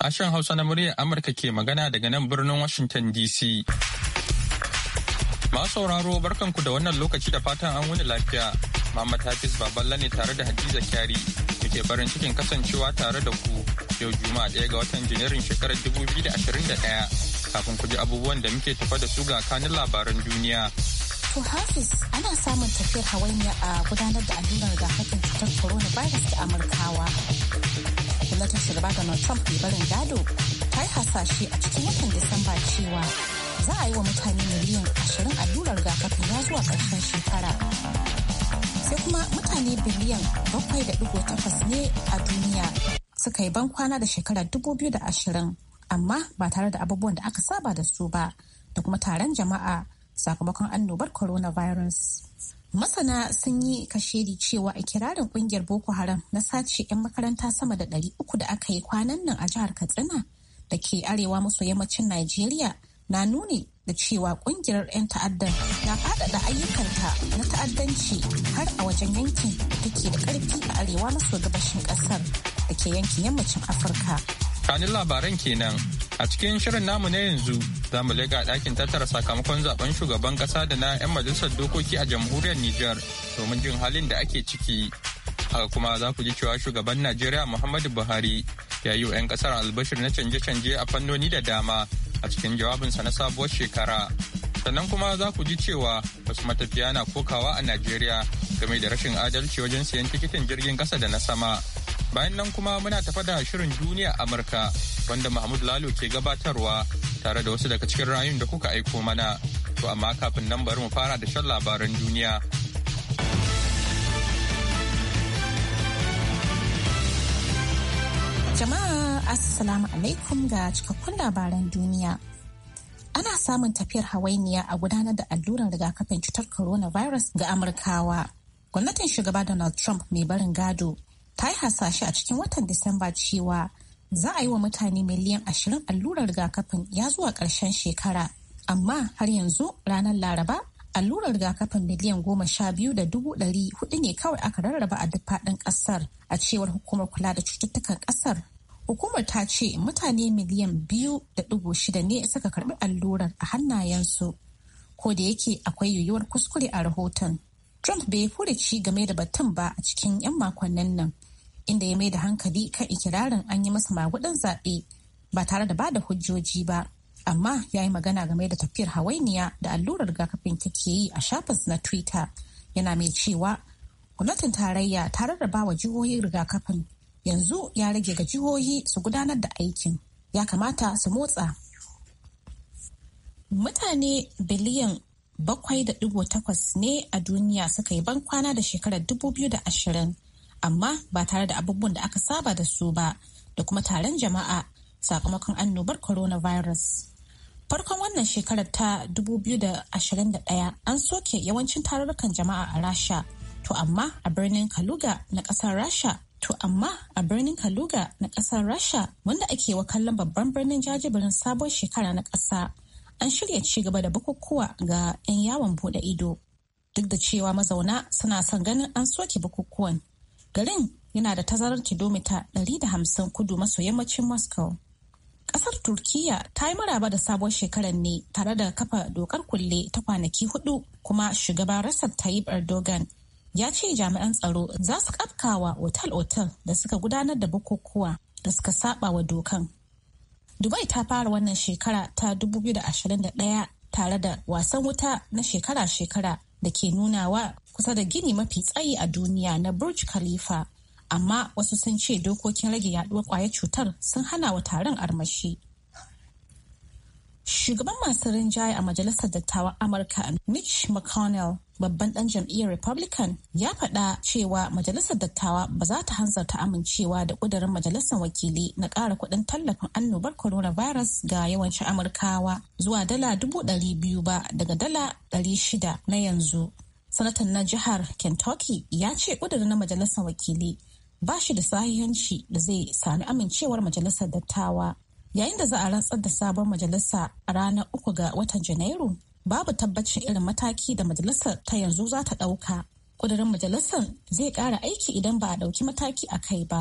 Ashen Hausa na muryar Amurka ke magana daga nan birnin Washington DC. Masu sauraro barkanku da wannan lokaci da fatan an wuni lafiya. Muhammad Hafiz Baballa ne tare da Hadiza Kyari muke barin cikin kasancewa tare da ku yau Juma'a ɗaya ga watan Janairun shekarar 2021 kafin ku ji abubuwan da muke tafa da su ga kanun labaran duniya. To Hafiz ana samun tafiyar hawainiya a gudanar da allurar rigakafin cutar coronavirus da Amurkawa. Gwamnatin shugaba Donald Trump mai barin gado ta yi hasashe a cikin watan Disamba cewa za a yi wa mutane miliyan ashirin allurar rigakafin ya zuwa karshen shekara. Sai kuma mutane biliyan bakwai da digo takwas ne a duniya suka yi bankwana da shekarar dubu biyu da ashirin amma ba tare da abubuwan da aka saba da su ba da kuma taron jama'a sakamakon annobar coronavirus. Masana sun yi kashedi cewa a kirarin kungiyar Boko Haram na sace 'yan makaranta sama da ɗari uku da aka yi kwanan nan a jihar Katsina da ke arewa maso yammacin Najeriya na nuni da cewa kungiyar 'yan ta'addan na faɗaɗa ayyukanta na ta'addanci har a wajen yankin da ke da ƙarfi a arewa maso gabashin ƙasar da ke yankin yammacin Afirka. kanin labaran kenan a cikin shirin namu na yanzu za mu lega ɗakin tattara sakamakon zaben shugaban ƙasa da na 'yan majalisar dokoki a jamhuriyar Nijar domin jin halin da ake ciki. Haka kuma za ku ji cewa shugaban Najeriya Muhammadu Buhari ya yi wa 'yan ƙasar albashir na canje-canje a fannoni da dama a cikin jawabinsa na sabuwar shekara. Sannan kuma za ku ji cewa wasu matafiya na kokawa a Najeriya game da rashin adalci wajen siyan tikitin jirgin ƙasa da na sama Bayan nan kuma muna tafa da shirin duniya Amurka wanda Mahmud Lalo ke gabatarwa tare da wasu daga cikin rayun da kuka aiko mana. To amma kafin nan bari mu fara da shan labaran duniya. Jama'a Assalamu alaikum ga cikakkun labaran duniya. ana samun tafiyar hawainiya a gudanar da alluran rigakafin cutar coronavirus ga amurkawa gwamnatin shugaba donald trump mai barin gado ta yi hasashe a cikin watan Disamba cewa za a yi wa mutane miliyan ashirin allurar rigakafin ya zuwa ƙarshen shekara. Amma har yanzu ranar Laraba allurar rigakafin miliyan goma sha biyu da dubu ɗari hudu ne kawai aka rarraba a duk faɗin ƙasar a cewar hukumar kula da cututtukan ƙasar. Hukumar ta ce mutane miliyan biyu da dubu shida ne suka karɓi allurar a hannayensu. Ko da yake akwai yiwuwar kuskure a rahoton. Trump bai fure ci game da batun ba a cikin 'yan makonnin nan. inda ya mai da hankali kan ikirarin an yi masa magudin zaɓe ba tare da ba da hujjoji ba amma ya yi magana game da tafiyar hawainiya da allurar rigakafin take yi a shafinsa na twitter yana mai cewa gwamnatin tarayya ta rarraba wa jihohi rigakafin yanzu ya rage ga jihohi su gudanar da aikin ya kamata su motsa mutane biliyan bakwai 7.8 ne a duniya suka yi ban kwana da shekarar 2020 amma ba tare da abubuwan da aka saba da su ba da kuma taron jama'a sakamakon annobar coronavirus. Farkon wannan shekarar ta 2021 an soke yawancin tarurrukan jama'a a Rasha, to amma a birnin Kaluga na ƙasar Rasha To amma a birnin Kaluga na ƙasar Rasha wanda ake wa kallon babban birnin jajibirin sabon shekara na ƙasa an shirya ci gaba da bukukuwa ga 'yan yawon bude ido. Duk da cewa mazauna suna son ganin an soke bukukuwan Garin yana da tazarar kilomita 150 kudu maso yammacin Moscow. Kasar Turkiyya ta yi maraba da sabuwar shekarar ne tare da kafa dokar kulle ta kwanaki hudu kuma shugaba Recep Tayyip Erdogan ya ce jami'an tsaro za su kafkawa otal-otal da suka gudanar da bukukuwa da suka saba wa dokan. Dubai ta fara wannan shekara ta 2021 tare da wasan wuta na shekara-shekara da ke nunawa kusa da gini mafi tsayi a duniya na Burj Khalifa. Amma wasu sun ce dokokin rage yaduwar kwayar cutar sun hana wa taron armashi. Shugaban masu rinjaye a Majalisar Dattawan Amurka Mitch McConnell babban dan jam'iyyar Republican ya faɗa cewa Majalisar Dattawa ba za ta hanzarta amincewa da ƙudurin Majalisar Wakili na ƙara kuɗin tallafin annobar coronavirus ga yawancin Amurkawa zuwa dala dubu ɗari biyu ba daga dala ɗari shida na yanzu. sanatan na jihar kentucky ya ce ƙudurin na majalisar wakili ba shi da sahihanci da zai sami amincewar majalisar dattawa yayin da za a rantsar da sabon majalisa a ranar uku ga watan janairu babu tabbacin irin mataki da majalisar ta yanzu za ta ɗauka ƙudurin majalisar zai ƙara aiki idan ba a ɗauki mataki a kai ba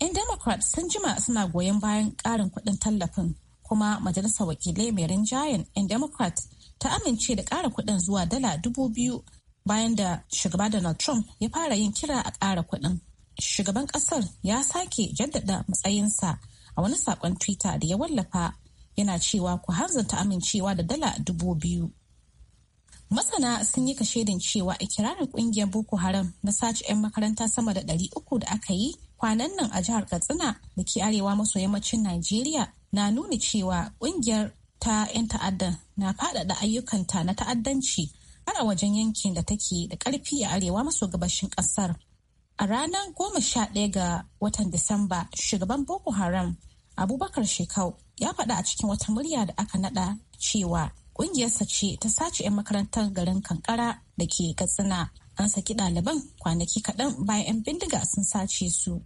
'yan democrat sun jima suna goyon bayan karin kuɗin tallafin kuma majalisar wakilai mai rinjayen 'yan democrat ta amince da ƙara kuɗin zuwa dala dubu biyu bayan da shugaba Donald Trump ya fara yin kira a ƙara kuɗin. Shugaban ƙasar ya sake jaddada matsayinsa a wani saƙon Twitter da ya wallafa yana cewa ku hanzarta amincewa da dala dubu biyu. Masana sun yi kashedin cewa a kirarin ƙungiyar Boko Haram na sace 'yan makaranta sama da ɗari uku da aka yi kwanan nan a jihar Katsina da ke arewa maso yammacin Najeriya na nuna cewa ƙungiyar ta 'yan ta'addan na faɗaɗa ayyukanta na ta'addanci ana wajen yankin da take da karfi a arewa maso gabashin kasar. A ranar goma sha ɗaya ga watan Disamba, shugaban Boko Haram Abubakar Shekau ya faɗa a cikin wata murya da aka naɗa cewa ƙungiyarsa ce ta sace 'yan makarantar garin Kankara da ke Katsina. An saki ɗaliban kwanaki kaɗan bayan 'yan bindiga sun sace su.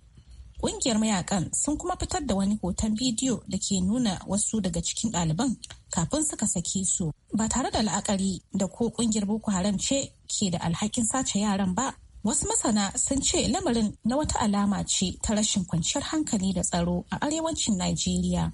Ƙungiyar mayakan sun kuma fitar da wani hoton bidiyo da ke nuna wasu daga cikin ɗaliban kafin suka sake su ba tare da la'akari da ko ƙungiyar Boko Haram ce ke da alhakin sace yaran ba. Wasu masana sun ce lamarin na wata alama ce ta rashin kwanciyar hankali da tsaro a arewacin Najeriya.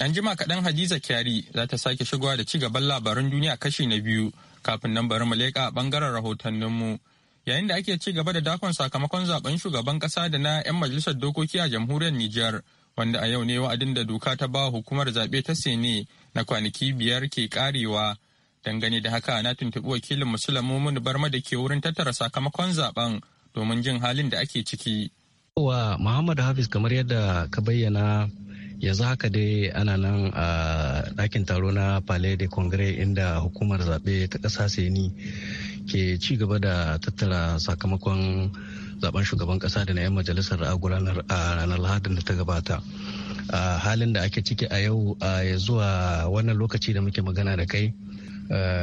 Yan jima kaɗan Hadiza Kyari za ta sake shigowa da ci gaban labaran duniya kashi na biyu kafin nan bari mu leƙa ɓangaren rahotanninmu. yayin da ake ci gaba da dakon sakamakon zaben shugaban kasa da na 'yan majalisar dokoki a jamhuriyar Nijar wanda a yau ne wa'adin da doka ta ba hukumar zaɓe ta sene na kwanaki biyar ke karewa dangane da haka na tuntuɓi wakilin musulmi barma da ke wurin tattara sakamakon zaben domin jin halin da ake ciki. Wa Muhammad Hafiz kamar yadda ka bayyana yanzu haka dai ana nan a ɗakin taro na palais de congrès inda hukumar zaɓe ta ƙasa seni ke ci gaba da tattara sakamakon zaben shugaban ƙasa da na 'yan majalisar a ranar lahadin da ta gabata a halin da ake ciki a yau ya zuwa wannan lokaci da muke magana da kai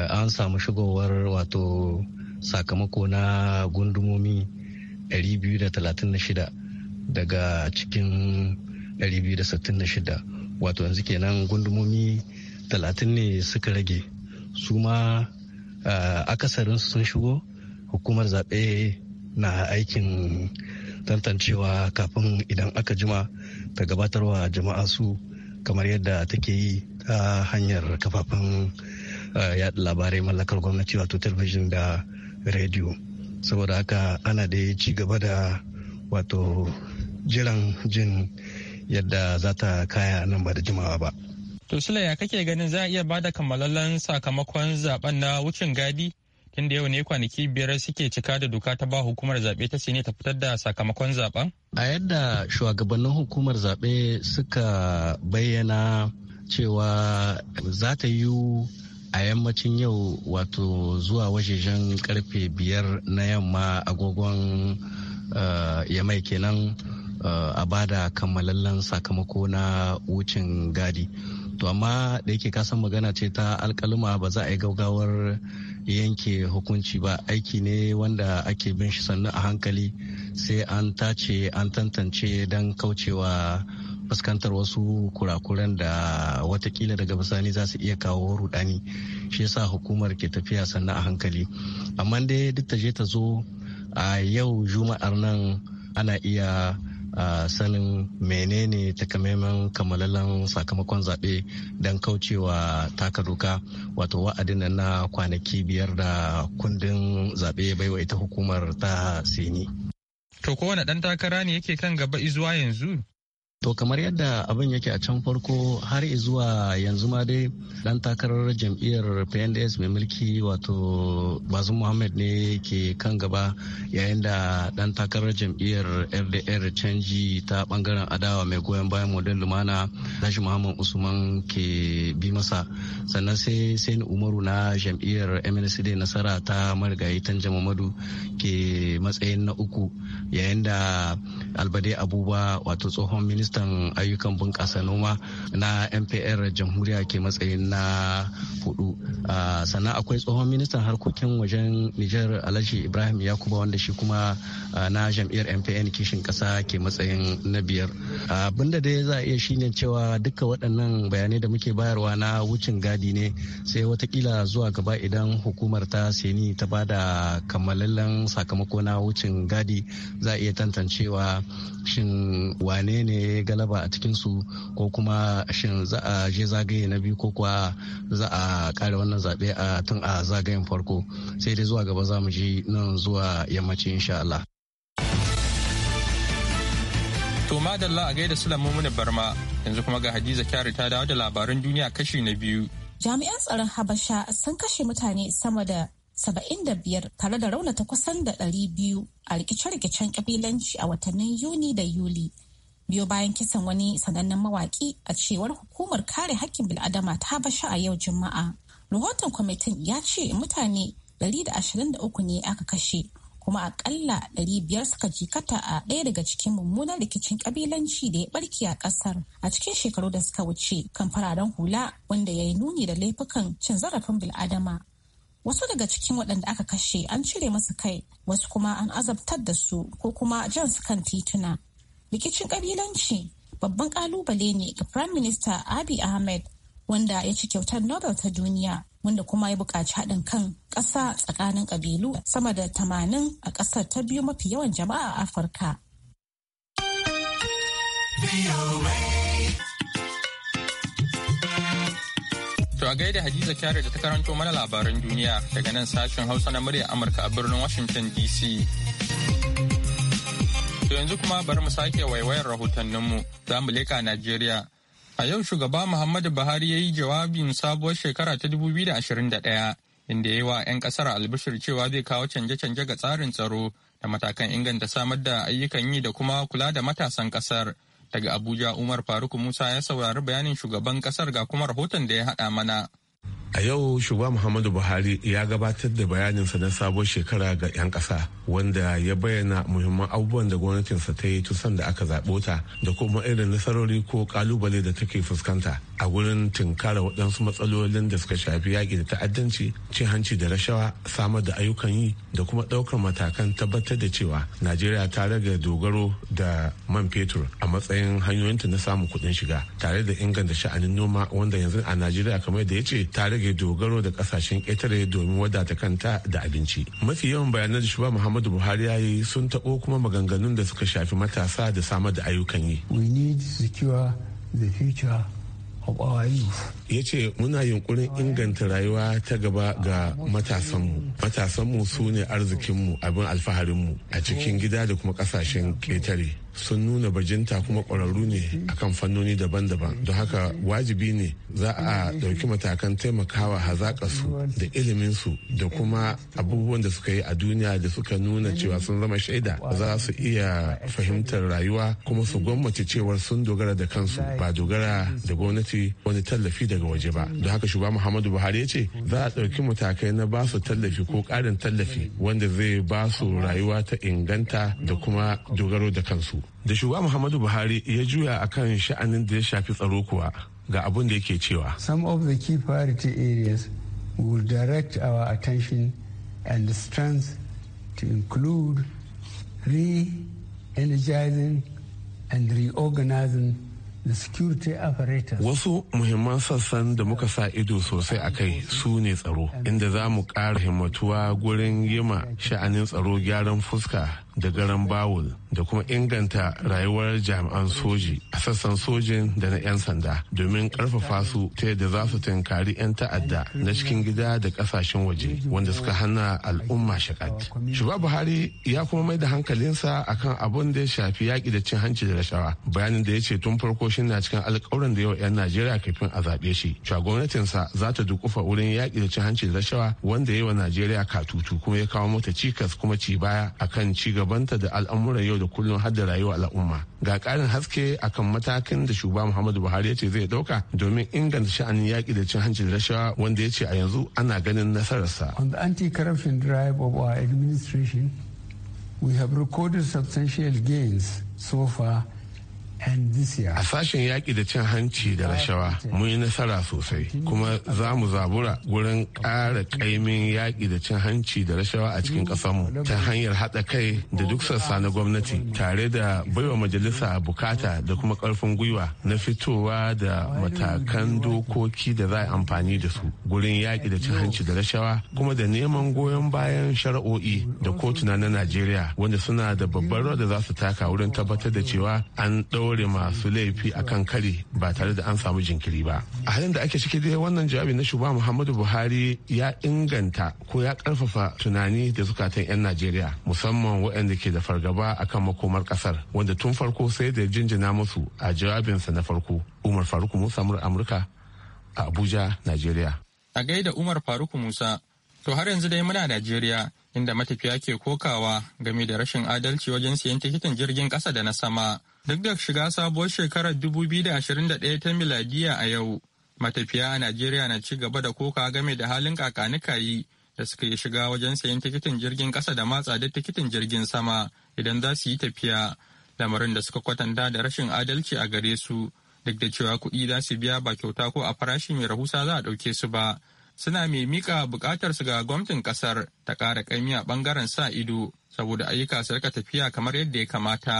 an samu shigowar wato sakamako na gundumomi 236 daga cikin 266 wato yanzu kenan gundumomi 30 ne suka rage su ma akasarinsu sun shigo hukumar zaɓe na aikin tantancewa kafin idan aka jima ta gabatarwa jama'a su kamar yadda take yi ta hanyar kafafen yada labarai mallakar gwamnati wato talabijin da rediyo saboda haka ana da ci gaba da wato jiran jin yadda za ta kaya nan ba da jimawa ba. To Sule ya kake ganin za a iya ba da kammalallen sakamakon zaben na wucin gadi? Tunda yau ne kwanaki biyar suke cika da doka ta ba hukumar zaɓe ta sine ta fitar da sakamakon zaɓen. A yadda shugabannin hukumar zaɓe suka bayyana cewa za ta yi a yammacin yau wato zuwa wajejen karfe biyar na yamma agogon eh, yamai kenan. a bada kammalallen sakamako na wucin gadi to amma da yake kasan magana ce ta alkaluma ba za a yi gaugawar yanke hukunci ba aiki ne wanda ake bin shi sannu a hankali sai an tace an tantance don kaucewa fuskantar wasu kurakuran da watakila daga bisani za su iya kawo rudani shi yasa hukumar ke tafiya sannan a hankali amma dai duk ta je ta zo a yau juma'ar nan ana iya sanin menene takamaiman kamalalan sakamakon zaɓe don kaucewa taka doka wato wa'adin na kwanaki biyar da kundin zaɓe baiwa ita hukumar ta sini. To kowane ɗan takara ne yake kan gaba izuwa yanzu? To kamar yadda abin yake a can farko har zuwa yanzu ma dai dan takarar jam'iyyar PNDS mai mulki wato Bazum Muhammad ne ke kan gaba yayin da dan takarar jam'iyyar FDR canji ta bangaren adawa mai goyon bayan model lumana Nashi Muhammad Usman ke bi masa sannan sai Sani Umaru na jam'iyyar MNCD nasara ta marigayi Tanja Muhammadu ke matsayin na uku yayin da Albade Abuba wato tsohon minista ministan ayyukan bunƙasa noma na mpr jamhuriya ke matsayin na hudu sannan akwai tsohon ministan harkokin wajen nijar alhaji ibrahim yakuba wanda shi kuma na jam'iyyar mpn kishin kasa ke matsayin na biyar abinda dai za a iya shine cewa duka waɗannan bayanai da muke bayarwa na wucin gadi ne sai watakila zuwa gaba idan hukumar ta seni ta ba da kammalallen sakamako na wucin gadi za a iya tantancewa shin wane ne yi galaba a cikinsu ko kuma shin za a je zagaye na biyu ko kuwa za a kare wannan zaɓe a tun a zagayen farko sai dai zuwa gaba za mu ji nan zuwa yammaci insha Allah. To madalla a gaida sulamu Mumuni Barma yanzu kuma ga Hadiza Kyari ta dawo da labaran duniya kashi na biyu. Jami'an tsaron Habasha sun kashe mutane sama da biyar tare da raunata kusan da biyu a rikice-rikicen kabilanci a watannin Yuni da Yuli biyo bayan kisan wani sanannen mawaki a cewar hukumar kare hakkin bil'adama ta bashi a yau juma'a rahoton kwamitin ya ce mutane 123 ne aka kashe kuma akalla 500 suka jikata a ɗaya daga cikin mummunan rikicin kabilanci da ya barke a ƙasar a cikin shekaru da suka wuce kan fararen hula wanda ya yi nuni da laifukan cin zarafin bil'adama wasu daga cikin waɗanda aka kashe an cire masu kai wasu kuma an azabtar da su ko kuma jan su kan tituna rikicin kabilanci babban kalubale ne ga Prime Minister Abiy Ahmed wanda ya ci kyautar Nobel ta duniya wanda kuma ya buƙaci haɗin kan ƙasa tsakanin ƙabilu sama da tamanin a ƙasar ta biyu mafi yawan jama'a a Afirka. To a gaida Hadiza Kyari da ta karanto mana labaran duniya daga nan sashen Hausa na murya Amurka a birnin Washington DC. yanzu kuma bari mu sake waiwayar rahotanninmu za mu leƙa Najeriya. A yau shugaba Muhammadu Buhari ya yi jawabin sabuwar shekara ta 2021 inda ya yi wa 'yan ƙasar albishir cewa zai kawo canje-canje ga tsarin tsaro da matakan inganta samar da ayyukan yi da kuma kula da matasan kasar. Daga Abuja Umar Faruk Musa ya saurari bayanin shugaban kasar ga kuma rahoton da ya haɗa mana. A yau shugaba Muhammadu Buhari ya gabatar da bayaninsa na sabon shekara ga 'yan ƙasa wanda ya bayyana muhimman abubuwan da gwamnatinsa ta yi tusan da aka zaɓo ta da kuma irin nasarori ko kalubale da take fuskanta a gurin tinkara waɗansu matsalolin da suka shafi yaƙi da ta'addanci cin hanci da rashawa samar da ayyukan yi da kuma ɗaukar matakan tabbatar da cewa Najeriya ta rage dogaro da man fetur a matsayin hanyoyinta na samun kuɗin shiga tare da inganta sha'anin noma wanda yanzu a Najeriya kamar da ya ce ta rage dogaro da kasashen ƙetare domin wadata kanta da abinci mafi yawan bayanan Shuba muhammadu buhari ya yi sun taɓo kuma maganganun da suka shafi matasa da samar da ayyukan yi we need secure the future ya ce muna yunkurin inganta rayuwa ta gaba ga matasanmu matasanmu su ne arzikinmu abin alfaharinmu a cikin gida da kuma ƙasashen ƙetare. sun nuna bajinta kuma ƙwararru ne akan fannoni daban-daban don haka wajibi ne za a ɗauki matakan taimakawa hazaƙa su da ilimin su da kuma abubuwan da suka yi a duniya da suka nuna cewa sun zama shaida za su iya fahimtar rayuwa kuma su gwammace cewa sun dogara da kansu ba dogara da gwamnati wani tallafi daga waje ba don haka shugaba muhammadu buhari ya ce za a ɗauki matakai na ba su tallafi ko ƙarin tallafi wanda zai ba su rayuwa ta inganta da kuma dogaro da kansu da shugaba muhammadu buhari ya juya a kan sha'anin da ya shafi tsaro kuwa ga abin da yake cewa some of the key priority areas will direct our attention and strength to include re-energizing and reorganizing the security apparatus. Wasu muhimman sassan da muka sa ido sosai a kai su ne tsaro, inda za mu ƙara himmatuwa gurin yima sha'anin tsaro gyaran fuska da garan bawul da kuma inganta rayuwar jami'an soji a sassan sojin da na 'yan sanda domin karfafa su ta yadda za su tunkari 'yan ta'adda na cikin gida da kasashen waje wanda suka hana al'umma shakat. Shugaba Buhari ya kuma mai da hankalinsa akan abun da ya shafi yaƙi da cin hanci da rashawa bayanin da ya ce tun farko shi na cikin alƙawarin da yau 'yan Najeriya kafin a zaɓe shi. Cewa gwamnatinsa za ta dukufa wurin yaƙi da cin hanci da rashawa wanda ya yi wa Najeriya katutu kuma ya kawo mata cikas kuma ci baya akan ci gaba rabanta da al'amuran yau da kullum har da rayuwar al'umma ga karin haske akan matakin da shugaba muhammadu buhari ya ce zai dauka domin inganta sha'anin yaƙi da cin hanci da rashawa wanda ya ce a yanzu ana ganin nasararsa on the anti-corruption drive of our administration we have recorded substantial gains so far A sashen yaƙi da cin hanci da rashawa mun yi nasara sosai kuma za mu zabura wurin ƙara ƙaimin yaƙi da cin hanci da rashawa a cikin ƙasarmu ta hanyar haɗa kai da duk sassa na gwamnati tare da baiwa majalisa bukata da kuma ƙarfin gwiwa na fitowa da matakan dokoki da za a amfani da su gurin yaƙi da cin hanci da rashawa kuma da neman goyon bayan shari'o'i da kotuna na Najeriya wanda suna da babbar rawar da za su taka wurin tabbatar da cewa an ɗau ɗaure masu laifi akan kari ba tare da an samu jinkiri ba a halin da ake ciki dai wannan jawabi na shugaba muhammadu buhari ya inganta ko ya karfafa tunani da zukatan 'yan najeriya musamman waɗanda ke da fargaba akan makomar kasar wanda tun farko sai da jinjina musu a jawabinsa na farko umar faruk musa amurka a abuja najeriya a gaida umar faruk musa to har yanzu dai muna najeriya inda matafiya ke kokawa game da rashin adalci wajen siyan tikitin jirgin ƙasa da na sama. Duk da shiga sabuwar shekarar 2021 ta miladiya a yau, matafiya a Najeriya na ci gaba da koka game da halin kakanikayi da suka yi shiga wajen siyan tikitin jirgin ƙasa da matsa da tikitin jirgin sama idan za su yi tafiya. Lamarin da suka kwatanta da rashin adalci a gare su, duk da cewa kuɗi za su biya ba kyauta ko a farashi mai rahusa za a ɗauke su ba. suna mai mika su ga gwamnatin kasar ta kara kaimi a bangaren sa ido saboda ayyuka su rika tafiya kamar yadda ya kamata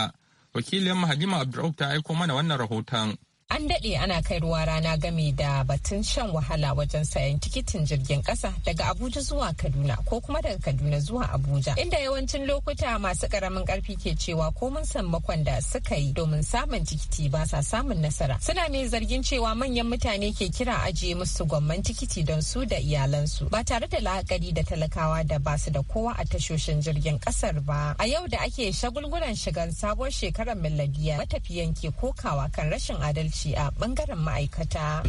wakilin Halima Abdurrauf ta aiko mana wannan rahoton an daɗe ana kai ruwa rana game da batun shan wahala wajen sayan tikitin jirgin ƙasa daga abuja zuwa kaduna ko kuma daga kaduna zuwa abuja inda yawancin lokuta masu ƙaramin ƙarfi ke cewa ko mun sammakon da suka yi domin samun tikiti ba sa samun nasara suna mai zargin cewa manyan mutane ke kira ajiye musu gwamman tikiti don su da iyalansu ba tare da la'akari da talakawa da ba su da kowa a tashoshin jirgin ƙasar ba a yau da ake shagulgulan shigan sabuwar shekarar miladiya matafiyan ke kokawa kan rashin adalci adalci a bangaren ma'aikata.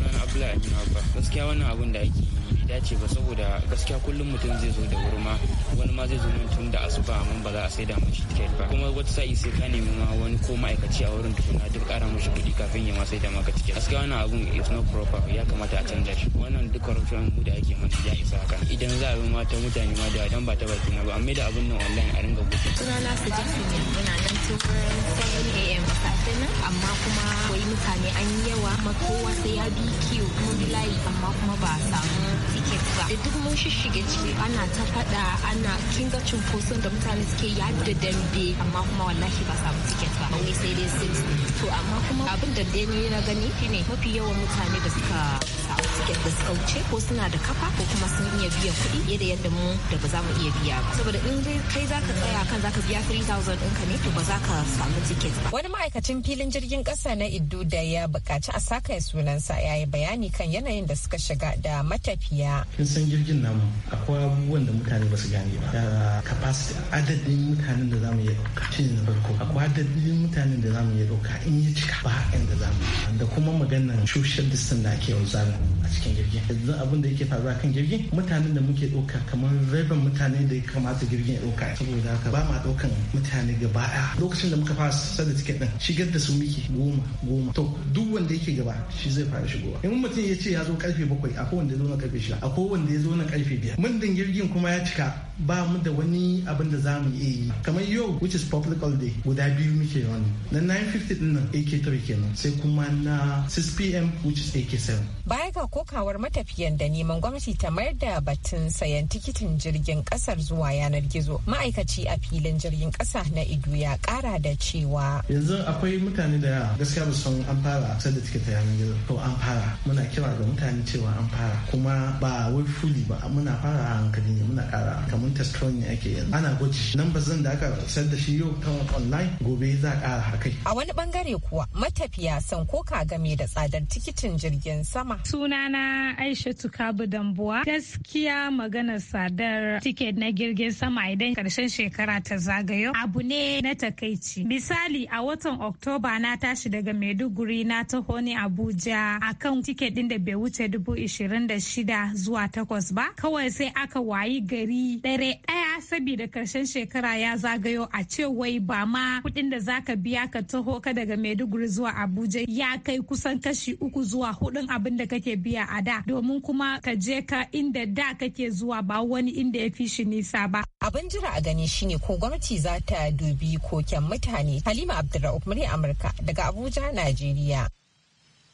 gaskiya wannan abun da ake yi dace ba saboda gaskiya kullum mutum zai zo da wuri ma wani ma zai zo nan tun da asuba amma ba za a sai da mashi tiket ba kuma wata sa'i sai ka nemi ma wani ko ma'aikaci a wurin tukuna duk ƙara mashi kuɗi kafin ya ma sai da maka tiket gaskiya wannan abun is not proper ya kamata a canza shi wannan duk corruption mu da ake mana ya isa haka idan za a bi mata mutane ma da dan ba ta baki na ba amma da abun nan online a ringa gudu sunana su jikin yana nan tun 7 am din amma kuma wai mutane an yi yawa ma kowa sai ya bi kiyo kuma bi layi amma kuma ba samu tiket ba da duk mun shishige ciki ana ta faɗa ana kinga cunkoson da mutane suke ya da dambe amma kuma wallahi ba samu tiket ba wai sai dai sit to amma kuma abin da dai na gani shine mafi yawan mutane da suka samu tiket da suka wuce ko suna da kafa ko kuma sun iya biyan kuɗi yadda yadda mu da ba za mu iya biya ba saboda in kai zaka tsaya kan zaka biya 3000 ɗinka ne to ba za ka samu tiket ba wani ma'aikacin filin jirgin ƙasa na iddu da ya buƙaci a saka ya sunansa ya yi bayani kan yanayin da suka shiga da matafiya kin san jirgin namu akwai abubuwan da mutane ba su gane ba da capacity adadin mutanen da zamu iya ɗauka shi na farko akwai adadin mutanen da zamu iya ɗauka in ya cika ba da zamu da kuma maganar social distance da ake yanzu a cikin jirgin yanzu abin da yake faruwa kan jirgin mutanen da muke ɗauka kamar rabin mutane da ya kamata jirgin ya ɗauka saboda haka ba ma ɗaukan mutane gaba lokacin da muka fara sada tiket ɗin shigar da su miki goma goma to duk wanda yake gaba shi zai fara shigowa in mutum ya ce ya zo karfe bakwai akwai wanda ya zo na karfe shida akwai wanda ya zo na karfe biyar mundin jirgin kuma ya cika ba mu da wani abin da za mu yi kamar yau which is public holiday guda biyu muke wani na 950 din nan ak3 kenan sai kuma na 6 pm which is ak7 baya ga kokawar matafiyan da neman gwamnati ta mayar da batun sayan tikitin jirgin kasar zuwa yanar gizo ma'aikaci a filin jirgin kasa na idu ya kara da cewa yanzu akwai mutane da gaskiya ba san an fara sai da tikita yanar gizo to an fara muna kira ga mutane cewa an fara kuma ba wai fuli ba muna fara hankali ne muna kara kamar domin test ne ake yanzu ana gwaji ba zan da aka sayar da shi yau ta online gobe za a ƙara harkai a wani bangare kuwa matafiya san ko ka game da tsadar tikitin jirgin sama sunana aisha tukabu dambuwa gaskiya magana sadar tiket na jirgin sama idan karshen shekara ta zagayo abu ne na takaici misali a watan oktoba na tashi daga maiduguri na taho ne abuja akan tiket din da bai wuce dubu ishirin da shida zuwa takwas ba kawai sai aka wayi gari ɗaya dare ɗaya saboda karshen shekara ya zagayo a ce wai ba ma kuɗin da za ka biya ka taho ka daga Maiduguri zuwa Abuja ya kai kusan kashi uku zuwa hudun abin da kake biya a da domin kuma ka je ka inda da kake zuwa ba wani inda ya fi shi nisa ba. Abin jira a gani shine ko gwamnati za ta dubi koken mutane. Halima abdulrahman murya Amurka daga Abuja, Najeriya.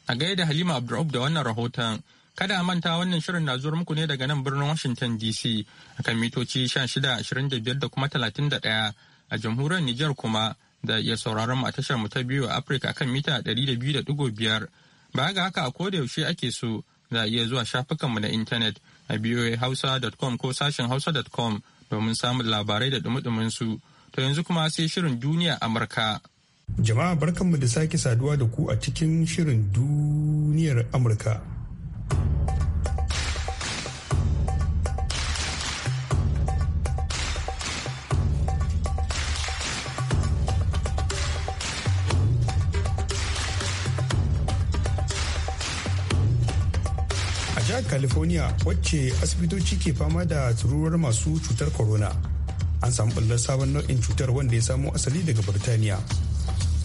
A gaida Halima abdulrahman da wannan rahoton Kada a manta wannan shirin na zuwa muku ne daga nan birnin Washington DC kan mitoci 1625 da kuma 31 a jamhuriyar Nijar kuma da iya sauraron a tashar mu ta biyu a Afirka kan mita 200.5. Ba ga haka a koda yaushe ake so za a iya zuwa shafukanmu na intanet a voahausa.com ko sashen hausa.com domin samun labarai da dumudumin su. To yanzu kuma sai shirin duniya Amurka. Jama'a barkanmu da sake saduwa da ku a cikin shirin duniyar Amurka. california wacce asibitoci ke fama da tururuwar masu cutar corona an samu ɓullar sabon nau'in cutar wanda ya samo asali daga birtaniya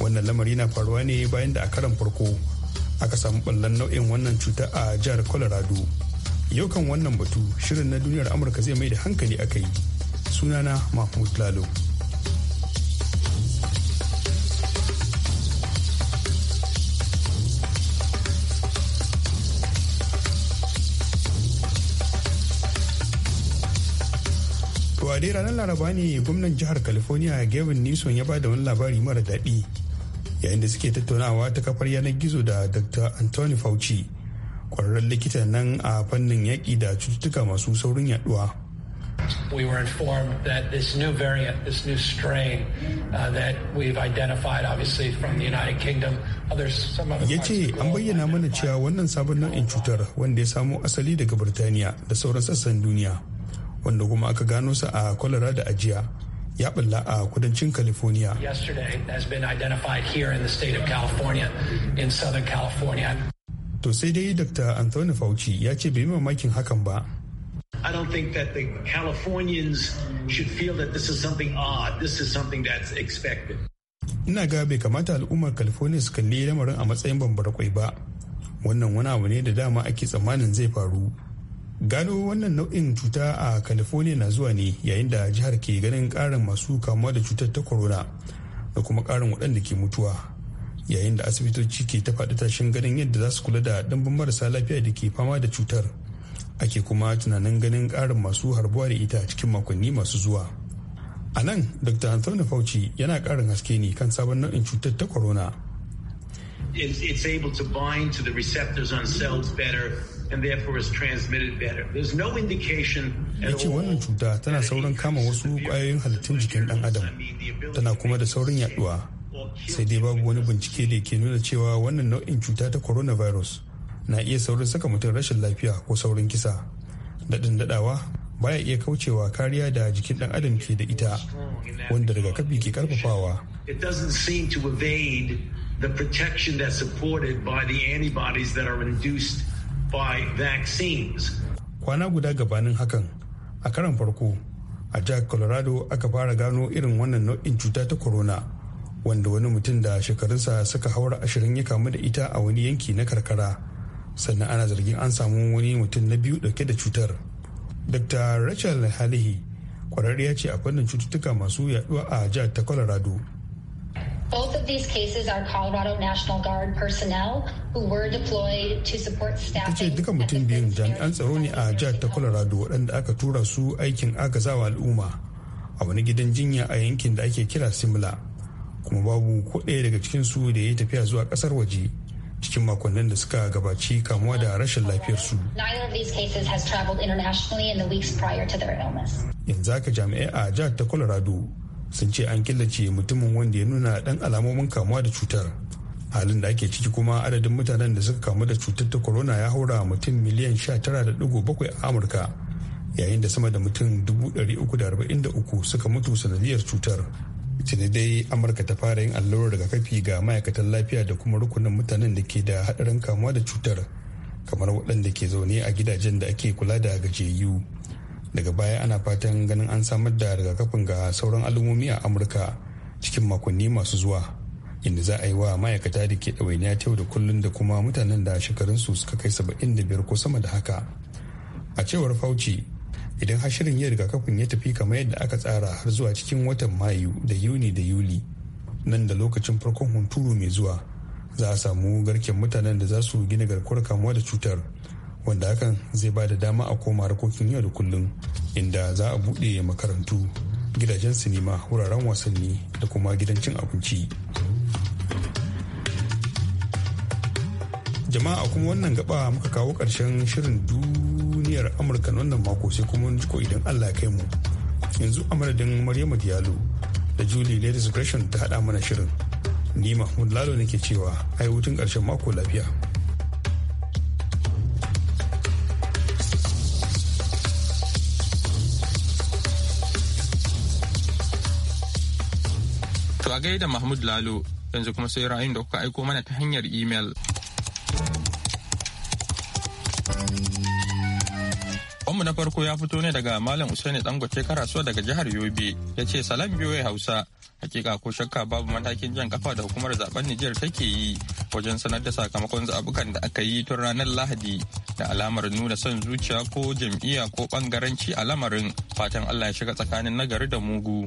wannan lamari na faruwa ne bayan da a karan farko aka samu ɓullar nau'in wannan cuta a jihar colorado yau kan wannan batu shirin na duniyar amurka zai mai da hankali a sunana mahmud lalo dai ranar laraba ne gwamnan jihar california gavin nison ya bada wani labari mara daɗi yayin da suke tattaunawa ta kafar yanar gizo da dr anthony fauci kwararren likita nan a fannin yaƙi da cututtuka masu saurin yaduwa We were informed that this new variant, this new strain uh, that we've identified obviously from the United Kingdom, others, some other Ya ce an bayyana mana cewa wannan sabon nau'in cutar wanda ya samo asali daga Birtaniya da sauran sassan duniya wanda kuma aka gano sa a kwalara da ajiya. ya balla a kudancin California. To sai dai Dr. Anthony Fauci ya ce bai mamakin hakan ba. I don't think that the Californians should feel that this is something odd. This is something that's expected. Ina ga bai kamata al'ummar California su kalli lamarin a matsayin bambara kwai ba. Wannan wani abu ne da dama ake tsammanin zai faru. gano wannan nau'in cuta a california na zuwa ne yayin da jihar ke ganin karin masu kamuwa da cutar ta corona da kuma karin waɗanda ke mutuwa yayin da asibitoci ke ta faɗi tashin ganin yadda za su kula da ɗanbin marasa lafiya da ke fama da cutar ake kuma tunanin ganin karin masu harbuwa da ita cikin makonni masu zuwa a nan dr anthony fauci yana karin haske ne kan sabon nau'in cutar ta corona it's, able to bind to the receptors on cells better and therefore is transmitted better. There's no indication ya wannan cuta tana saurin kama wasu kwayoyin halittun jikin ɗan adam tana kuma da saurin yaduwa sai dai babu wani bincike da ke nuna cewa wannan nau'in cuta ta coronavirus na iya saurin saka mutum rashin lafiya ko saurin kisa daɗin daɗawa baya iya kaucewa kariya da jikin ɗan adam ke da ita wanda rigakafi ke karfafawa the protection by vaccines. Kwana guda gabanin hakan a karan farko a jihar Colorado aka fara gano irin wannan nau'in cuta ta corona wanda wani mutum da shekarunsa suka haura ashirin ya kamu da ita a wani yanki na karkara sannan ana zargin an samu wani mutum na biyu dauke da cutar. Dr. Rachel Halihi kwararriya ce a fannin cututtuka masu yaduwa a jihar ta Colorado. Both of these cases are Colorado National Guard personnel who were deployed to support staffing. duka mutum biyun jami'an tsaro ne a jihar ta Colorado waɗanda aka tura su aikin agazawa al'umma a wani gidan jinya a yankin da ake kira Simla. Kuma babu ko ɗaya daga cikin su da ya tafiya zuwa ƙasar waje cikin makonnin da suka gabaci kamuwa da rashin lafiyarsu. Yanzu haka jami'ai a jihar ta Colorado sun ce an killace mutumin wanda ya nuna dan alamomin kamuwa da cutar halin da ake ciki kuma adadin mutanen da suka kamu da cutar ta corona ya haura mutum miliyan 19.7 a amurka yayin da sama da mutum 343 suka mutu sanadiyar cutar tuni dai amurka ta fara yin allurar rigakafi ga ma'aikatan lafiya da kuma rukunin mutanen da ke da haɗarin kamuwa da cutar kamar waɗanda ke zaune a gidajen da ake kula da gajiyayyu daga baya ana fatan ganin an samar da rigakafin ga sauran al'ummomi a amurka cikin makonni masu zuwa inda za a yi wa ma'aikata da ke ɗawainiya ta yau da kullum da kuma mutanen da shekarunsu suka kai saba'in da biyar ko sama da haka a cewar fauci idan hashirin shirin yin rigakafin ya tafi kamar yadda aka tsara har zuwa cikin watan mayu da yuni da yuli nan da lokacin farkon hunturu mai zuwa za a samu garken mutanen da za su gina garkuwar kamuwa da cutar wanda hakan zai ba da dama a koma harkokin yau da kullum inda za a buɗe makarantu gidajen sinima wuraren wasanni da kuma gidan cin abinci jama'a kuma wannan gaba muka kawo ƙarshen shirin duniyar amurka wannan mako sai kuma ko idan allah kai mu yanzu a madadin maryamu diallo da julie ladies gresham ta haɗa mana shirin ni mahmud lalo nake cewa ai hutun ƙarshen mako lafiya To a gaida Mahmud Lalo yanzu kuma sai ra'ayin da kuka aiko mana ta hanyar imel. Wanmu na farko ya fito ne daga Malam Usaini Dangote Karasuwa daga jihar Yobe ya ce salam biyoyi Hausa hakika ko shakka babu matakin jan kafa da hukumar zaben Nijar take yi wajen sanar da sakamakon zabukan da aka yi tun ranar Lahadi da alamar nuna son zuciya ko jam'iyya ko bangaranci a lamarin fatan Allah ya shiga tsakanin nagari da mugu.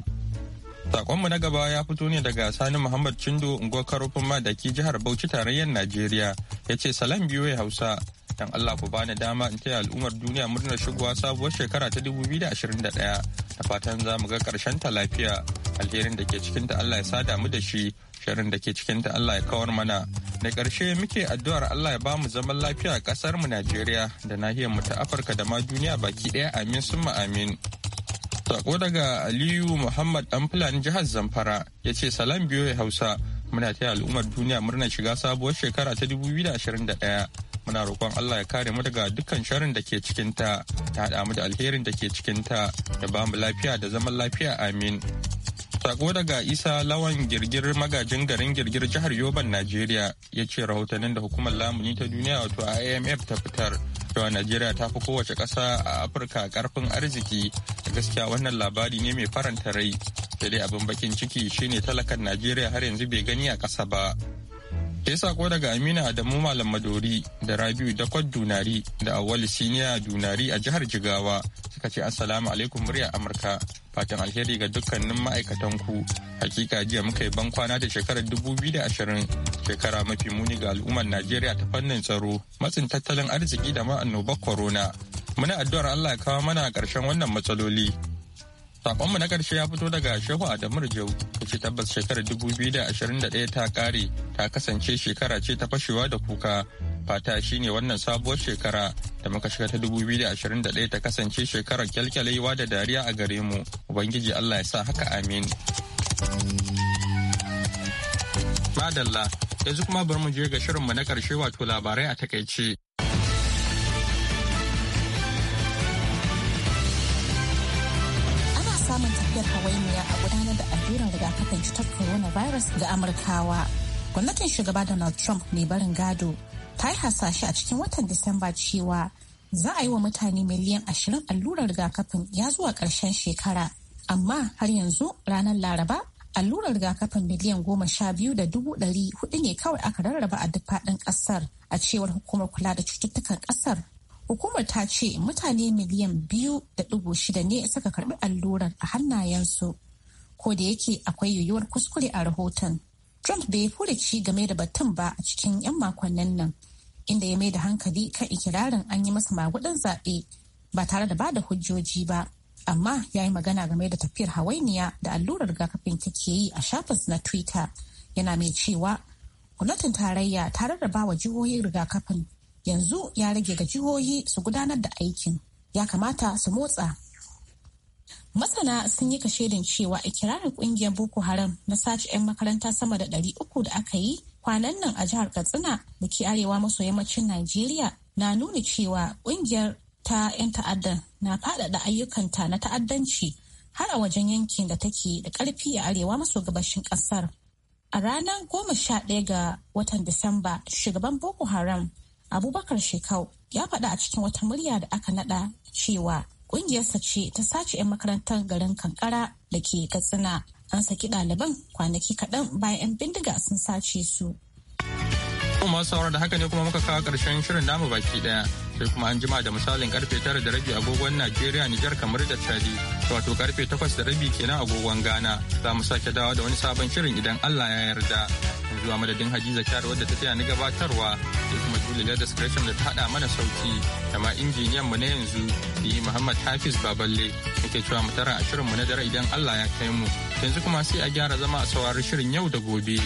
Sakonmu na gaba ya fito ne daga Sani Muhammad cindo unguwar Karofin Madaki jihar Bauchi tarayyar Najeriya ya ce salam ya Hausa dan Allah ku bani dama in taya al'ummar duniya murnar shigowa sabuwar shekara ta 2021 da fatan za mu ga karshen ta lafiya alherin da ke cikinta Allah ya sada mu da shi shirin da ke cikin ta Allah ya kawar mana da karshe muke addu'ar Allah ya bamu zaman lafiya a kasar mu Najeriya da nahiyar mu ta Afirka da ma duniya baki ɗaya amin summa amin Sako daga Aliyu Muhammad ɗan Fulani jihar Zamfara ya ce salam biyo ya Hausa muna taya al'ummar duniya murnar shiga sabuwar shekara ta 2021 muna roƙon Allah ya kare mu daga dukkan sharrin da ke cikinta, ta haɗa mu da alherin da ke cikin ta da ba mu lafiya da zaman lafiya amin. Sako daga Isa Lawan Girgir magajin garin Girgir jihar Yoban Najeriya ya ce rahotannin da hukumar lamuni ta duniya wato IMF ta fitar cewa najeriya ta fi kowace ƙasa a afirka ƙarfin arziki da gaskiya wannan labari ne mai faranta rai da dai abin bakin ciki shine talakan najeriya har yanzu bai gani a ƙasa ba ya sako daga Aminu Adamu Malam Madori da Rabiu Dakwat Dunari da Awali Siniya Dunari a jihar Jigawa suka ce Assalamu alaikum murya Amurka. Fatan alheri ga dukkanin ma'aikatan ku. Hakika jiya muka yi ban kwana da shekarar da ashirin shekara mafi muni ga al'ummar Najeriya ta fannin tsaro, matsin tattalin arziki da ma annobar corona. Muna addu'ar Allah ya kawo mana ƙarshen wannan matsaloli Sakonmu na ƙarshe ya fito daga Shehu Adamu Rijau, ce tabbas shekarar 2021 ta ƙare ta kasance shekara ce ta fashewa da kuka. Fata shi ne wannan sabuwar shekara da muka shiga ta 2021 ta kasance shekarar kyalkyalewa da dariya a gare mu. Ubangiji Allah ya sa haka amin. Madalla, yanzu kuma bari mu je ga shirinmu na ƙarshe wato labarai a takaice. allurar rigakafin cutar coronavirus ga amurkawa gwamnatin shugaba donald trump mai barin gado ta yi hasashe a cikin watan disamba cewa za a yi wa mutane miliyan ashirin allurar rigakafin ya zuwa karshen shekara amma har yanzu ranar laraba allurar rigakafin miliyan goma sha biyu da dubu ɗari hudu ne kawai aka rarraba a duk faɗin ƙasar a cewar hukumar kula da cututtukan ƙasar hukumar ta ce mutane miliyan biyu da dubu shida ne suka karbi allurar a hannayensu ko da yake akwai yiwuwar kuskure a rahoton. Trump bai yi furici game da batun ba a cikin 'yan makonnin nan, inda ya mai da hankali kan ikirarin an yi masa magudan zaɓe ba tare da ba da hujjoji ba. Amma ya yi magana game da tafiyar hawainiya da allurar rigakafin take yi a su na Twitter. Yana mai cewa, gwamnatin tarayya ta rarraba wa jihohi rigakafin yanzu ya rage ga jihohi su gudanar da aikin. Ya kamata su motsa Masana sun yi kashedin cewa ikirarin kungiyar Boko Haram na sace 'yan makaranta sama da 300 da aka yi kwanan nan a jihar Katsina da ke arewa maso yammacin Najeriya na nuna cewa kungiyar ta 'yan ta'addan na faɗaɗa ayyukanta na ta'addanci har a wajen yankin da take da ƙarfi a arewa maso gabashin ƙasar. A ranar goma sha ɗaya ga watan Disamba, shugaban Boko Haram Abubakar Shekau ya faɗa a cikin wata murya da aka naɗa cewa ƙungiyarsa ce ta sace 'yan makarantar garin kankara da ke katsina an saki ɗaliban kwanaki kaɗan bayan 'yan bindiga sun sace su. Kuma masu da haka ne kuma muka kawo ƙarshen shirin namu baki ɗaya. sai kuma an jima da misalin karfe tara da rabi agogon Najeriya Nijar kamar da wato karfe takwas da rabi kenan agogon Ghana za mu sake dawo da wani sabon shirin idan Allah ya yarda mu zuwa madadin Hadiza Kyar wadda ta taya ni gabatarwa sai kuma Julia Discretion da ta hada mana sauti da ma injiniyan mu na yanzu ni Muhammad Hafiz Baballe muke cewa mu tara a shirin mu na dare idan Allah ya kai mu yanzu kuma sai a gyara zama a saurari shirin yau da gobe.